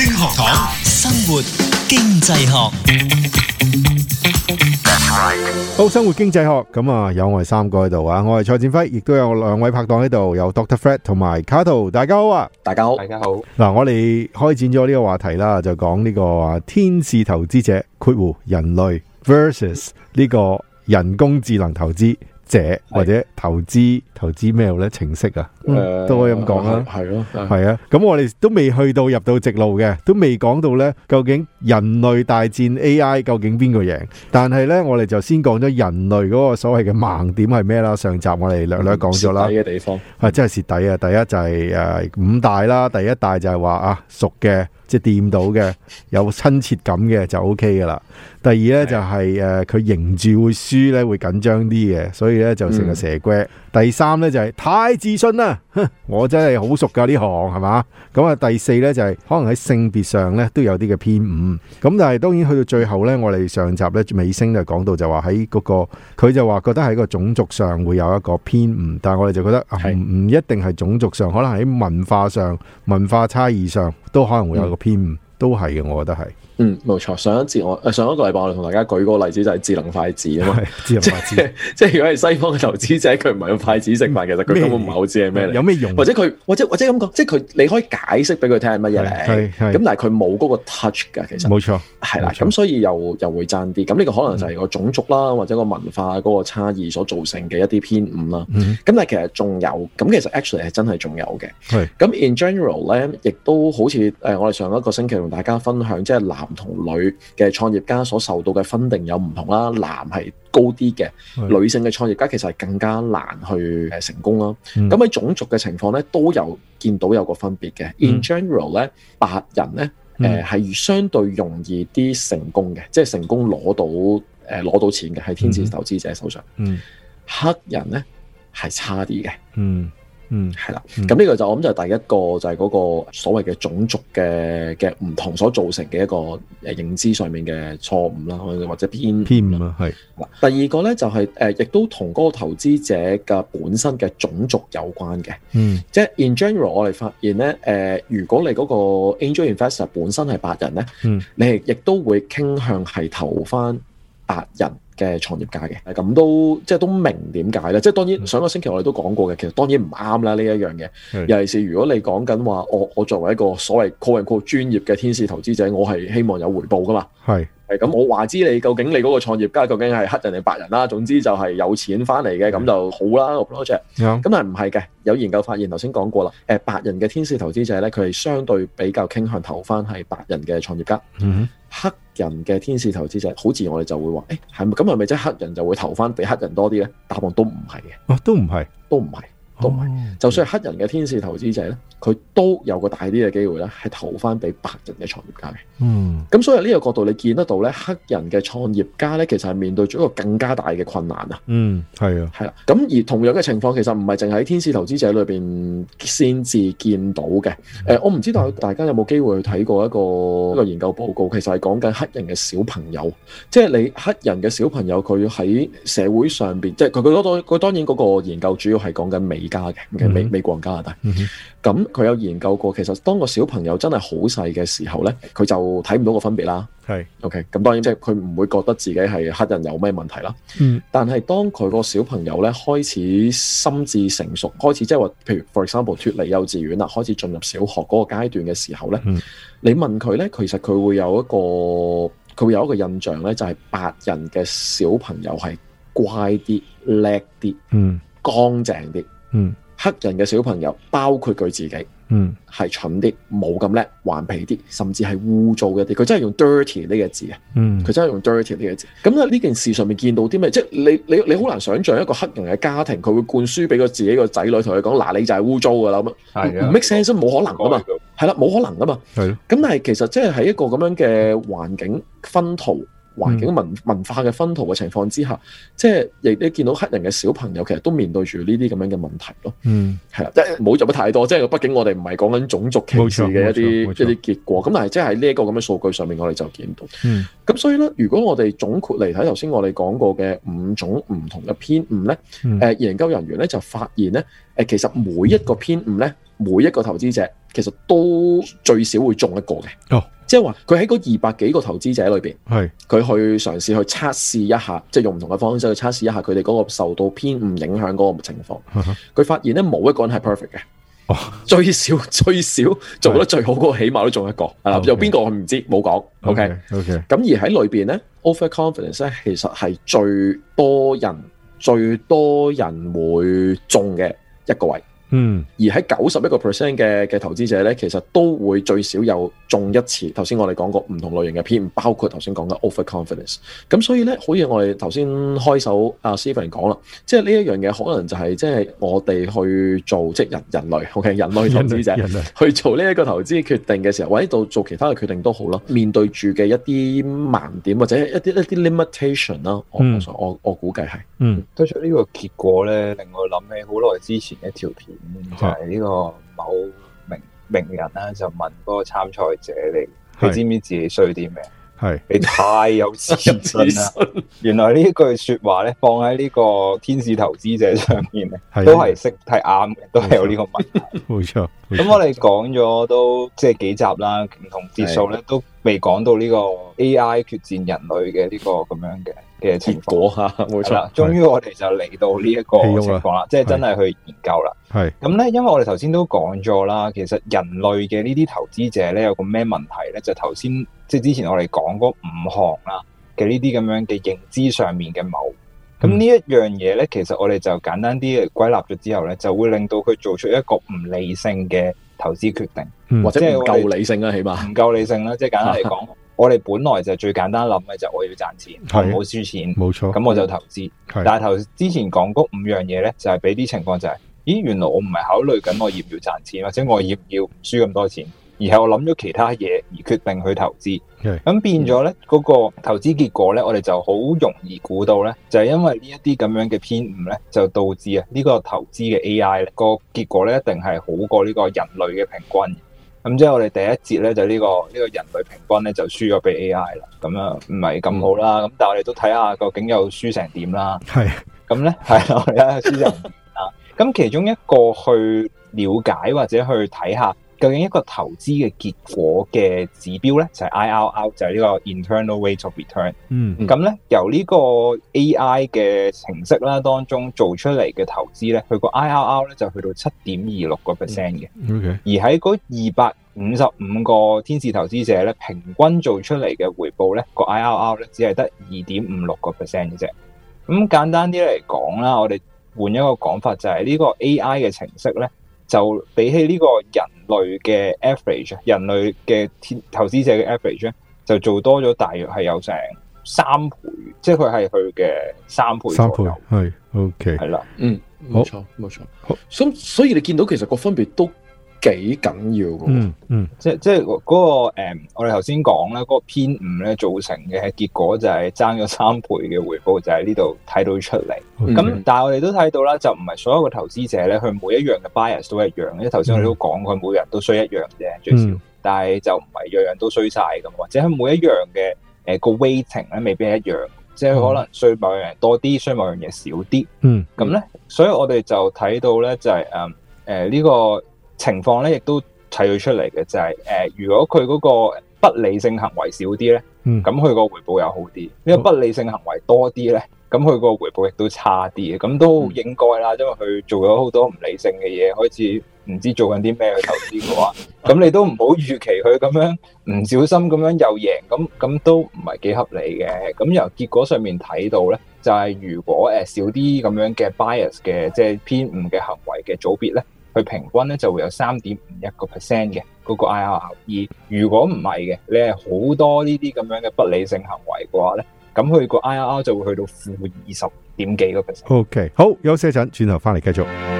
學，生活經濟學。好，生活經濟學咁啊，有我哋三個喺度啊，我係蔡展輝，亦都有兩位拍檔喺度，有 Dr. Fred 同埋 Carlo，大家好啊，大家好，大家好。嗱，我哋開展咗呢個話題啦，就講呢個天使投資者括弧，人類 versus 呢個人工智能投資。者或者投資的投資咩呢？程式啊，嗯嗯嗯、都可以咁講啦。係咯，係啊。咁我哋都未去到入到直路嘅，都未講到呢，究竟人類大戰 AI 究竟邊個贏？但係呢，我哋就先講咗人類嗰個所謂嘅盲點係咩啦？上集我哋略略講咗啦。蝕底嘅地方真係蝕底啊！第一就係、是呃、五大啦，第一大就係話啊熟嘅。即係掂到嘅，有親切感嘅就 O K 噶啦。第二呢、就是，就係誒，佢贏住會輸呢，會緊張啲嘅，所以呢，就成日蛇龜。嗯、第三呢、就是，就係太自信啦，我真係好熟㗎、啊、呢行係嘛？咁啊、嗯、第四呢、就是，就係可能喺性別上呢，都有啲嘅偏誤。咁但係當然去到最後呢，我哋上集呢，尾聲就講到就話喺嗰個，佢就話覺得喺個種族上會有一個偏誤，但係我哋就覺得唔唔一定係種族上，可能喺文化上、文化差異上都可能會有一個。嗯偏都係嘅，我覺得係。嗯，冇錯。上一節我上一個禮拜我哋同大家舉個例子就係智能筷子啊嘛，智能筷子即係如果係西方嘅投資者，佢唔係用筷子食飯，其實佢根本唔係好知係咩，有咩用？或者佢，或者或者咁講，即係佢你可以解釋俾佢聽係乜嘢嚟？咁但係佢冇嗰個 touch 㗎，其實冇錯。係啦，咁所以又又會爭啲。咁呢個可能就係個種族啦，嗯、或者個文化嗰個差異所造成嘅一啲偏誤啦。咁、嗯、但係其實仲有，咁其實 actually 係真係仲有嘅。咁 in general 咧，亦都好似誒、呃，我哋上一個星期同大家分享，即係唔同女嘅創業家所受到嘅分定有唔同啦，男係高啲嘅，女性嘅創業家其實係更加難去誒成功啦。咁、嗯、喺種族嘅情況咧，都有見到有個分別嘅。In general 咧、嗯，白人咧，誒係相對容易啲成功嘅、嗯，即係成功攞到誒攞、呃、到錢嘅喺天使投資者手上。嗯、黑人咧係差啲嘅。嗯。嗯，係啦，咁呢個就我諗就第一個就係嗰個所謂嘅種族嘅嘅唔同所造成嘅一個誒認知上面嘅錯誤啦，或者偏偏啦，係。嗱，第二個咧就係誒，亦都同嗰個投資者嘅本身嘅種族有關嘅。嗯，即係 in general，我哋發現咧，誒，如果你嗰個 angel investor 本身係白人咧，嗯，你亦都會傾向係投翻白人。嘅創業家嘅，咁都即係都明點解呢？即係當然上個星期我哋都講過嘅，其實當然唔啱啦呢一樣嘢。尤其是如果你講緊話，我我作為一個所謂個人個專業嘅天使投資者，我係希望有回報噶嘛。係咁，我話知你究竟你嗰個創業家究竟係黑人定白人啦，啊？總之就係有錢翻嚟嘅咁就好啦 project。咁但係唔係嘅，有研究發現頭先講過啦。誒，白人嘅天使投資者呢，佢係相對比較傾向投翻係白人嘅創業家。嗯，黑。人嘅天使投資者，好自然我哋就會話，誒、欸，係咪咁？係咪即係黑人就會投翻俾黑人多啲咧？答案都唔係嘅，啊，都唔係，都唔係。就算係黑人嘅天使投資者咧，佢都有個大啲嘅機會咧，係投翻俾白人嘅創業家嘅。嗯，咁所以呢個角度你見得到咧，黑人嘅創業家咧，其實係面對咗一個更加大嘅困難啊。嗯，係啊，係啦。咁而同樣嘅情況其實唔係淨係喺天使投資者裏邊先至見到嘅。嗯，誒，我唔知道大家有冇機會去睇過一個一個研究報告，其實係講緊黑人嘅小朋友，即係你黑人嘅小朋友佢喺社會上邊，即係佢佢佢當然嗰個研究主要係講緊美。加嘅美美國、加拿大，咁、嗯、佢有研究過，其實當個小朋友真係好細嘅時候咧，佢就睇唔到個分別啦。係 O K，咁當然即係佢唔會覺得自己係黑人有咩問題啦、嗯。但係當佢個小朋友咧開始心智成熟，開始即係話，譬如 for example 脫離幼稚園啦，開始進入小學嗰個階段嘅時候咧、嗯，你問佢咧，其實佢會有一個佢會有一個印象咧，就係、是、白人嘅小朋友係乖啲叻啲，嗯，乾淨啲。嗯，黑人嘅小朋友，包括佢自己，嗯，係蠢啲，冇咁叻，頑皮啲，甚至係污糟一啲。佢真係用 dirty 呢個字啊，嗯，佢真係用 dirty 呢個字。咁咧呢件事上面見到啲咩？即係你你你好難想象一個黑人嘅家庭，佢會灌輸俾佢自己個仔女，同佢講嗱，你就係污糟噶啦咁，唔 make sense 冇可能㗎嘛，係、嗯、啦，冇可能噶嘛，係咯。咁但係其實即係喺一個咁樣嘅環境薰陶。環、嗯、境文文化嘅薰陶嘅情況之下，即係亦都見到黑人嘅小朋友，其實都面對住呢啲咁樣嘅問題咯。嗯，係啦，即係冇入咗太多，即係畢竟我哋唔係講緊種族歧視嘅一啲即啲結果。咁但係即係呢一個咁嘅數據上面，我哋就見到。嗯，咁所以咧，如果我哋總括嚟睇頭先我哋講過嘅五種唔同嘅偏誤咧，誒、嗯啊、研究人員咧就發現咧，誒其實每一個偏誤咧，每一個投資者其實都最少會中一個嘅。哦即係話佢喺嗰二百幾個投資者裏邊，係佢去嘗試去測試一下，即係用唔同嘅方式去測試一下佢哋嗰個受到偏誤影響嗰個情況。佢、嗯、發現咧冇一個人係 perfect 嘅，最少最少做得最好嗰個起碼都中一個。係啦，有邊個佢唔知道，冇講。OK，OK、okay. okay? okay。咁而喺裏邊咧，overconfidence 咧其實係最多人最多人會中嘅一個位。嗯，而喺九十一個 percent 嘅嘅投資者咧，其實都會最少有中一次。頭先我哋講過唔同類型嘅偏，包括頭先講嘅 overconfidence。咁所以咧，好似我哋頭先開首阿 Stephen 講啦，即係呢一樣嘢可能就係、是、即係我哋去做即係人人類，OK 人類投資者去做呢一個投資決定嘅時候，或者到做其他嘅決定都好啦，面對住嘅一啲盲點或者一啲一啲 limitation 啦、嗯，我我我估計係，嗯，得出呢個結果咧，令我諗起好耐之前一條片。嗯、就係、是、呢個某名名人啦、啊，就問嗰個參賽者你，你知唔知自己衰啲咩？係你太有自信心啦。 原來呢句說話咧，放喺呢個天使投資者上面咧，都係識睇啱嘅，都係有呢個問題。冇錯。咁、嗯嗯、我哋講咗都即係幾集啦，唔同節數咧都未講到呢個 A I 決戰人類嘅呢、這個咁樣嘅。嘅結果嚇，冇錯啦，終於我哋就嚟到呢一個情況啦，即係、就是、真係去研究啦。係咁咧，因為我哋頭先都講咗啦，其實人類嘅呢啲投資者咧有個咩問題咧？就頭先即係之前我哋講嗰五項啦嘅呢啲咁樣嘅認知上面嘅冇。咁、嗯、呢一樣嘢咧，其實我哋就簡單啲歸納咗之後咧，就會令到佢做出一個唔理性嘅投資決定，或者係夠理性啦、啊，起碼唔夠理性啦，即、就、係、是、簡單嚟講。 我哋本來就最簡單諗嘅就我要賺錢，係冇輸錢，冇錯。咁我就投資，但係投之前講嗰五樣嘢咧，就係俾啲情況。就係，咦，原來我唔係考慮緊我要唔要賺錢，或者我要唔要唔輸咁多錢，而係我諗咗其他嘢而決定去投資。咁變咗咧，嗰個投資結果咧，我哋就好容易估到咧，就係因為呢一啲咁樣嘅偏誤咧，就導致啊呢個投資嘅 AI 咧個結果咧，一定係好過呢個人類嘅平均。咁即係我哋第一節呢，就呢、這個呢、這個人類平均呢，就輸咗俾 A I 啦，咁樣唔係咁好啦，咁但我哋都睇下究竟又輸成點啦。係，咁咧係啦，輸成點啊，咁其中一個去了解或者去睇下。究竟一個投資嘅結果嘅指標咧，就係、是、I R R，就係呢個 internal rate of return。嗯，咁咧由呢個 A I 嘅程式啦，當中做出嚟嘅投資咧，佢個 I R R 咧就去到七點二六個 percent 嘅。嗯 okay. 而喺嗰二百五十五個天使投資者咧，平均做出嚟嘅回報咧，個 I R R 咧只係得二點五六個 percent 嘅啫。咁簡單啲嚟講啦，我哋換一個講法就係、是、呢個 A I 嘅程式咧。就比起呢個人類嘅 average 人類嘅投資者嘅 average 咧，就做多咗，大約係有成三倍，即係佢係佢嘅三倍。三倍，係，OK，係啦，嗯，冇錯，冇錯，好，所以你見到其實個分別都幾緊要嗯嗯，即係即係、那、嗰個誒、嗯，我哋頭先講咧，嗰、那個偏誤咧造成嘅結果就係爭咗三倍嘅回報，就喺呢度睇到出嚟。咁、嗯、但係我哋都睇到啦，就唔係所有嘅投資者咧，佢每一樣嘅 bias 都一樣。因為頭先我哋都講佢、嗯、每人都衰一樣啫，最少。嗯、但係就唔係樣樣都衰晒咁，或者係每一樣嘅誒、呃、個 weighting 咧，未必一樣。嗯、即係可能衰某樣嘢多啲，衰某樣嘢少啲。嗯。咁咧，所以我哋就睇到咧，就係誒誒呢個。情況咧，亦都睇到出嚟嘅就係，誒，如果佢嗰個不理性行為少啲咧，咁佢個回報又好啲。呢個不理性行為多啲咧，咁佢個回報亦都差啲。咁都應該啦，嗯、因為佢做咗好多唔理性嘅嘢，開始唔知做緊啲咩去投資嘅話，咁 你都唔好預期佢咁樣唔小心咁樣又贏，咁咁都唔係幾合理嘅。咁由結果上面睇到咧，就係如果誒少啲咁樣嘅 bias 嘅，即係偏誤嘅行為嘅組別咧，佢平均咧就會有三點五一個 percent 嘅嗰個 IRR，而如果唔係嘅，你係好多呢啲咁樣嘅不理性行為嘅話咧，咁佢個 IRR 就會去到負二十點幾個 percent。OK，好，休息一陣，轉頭翻嚟繼續。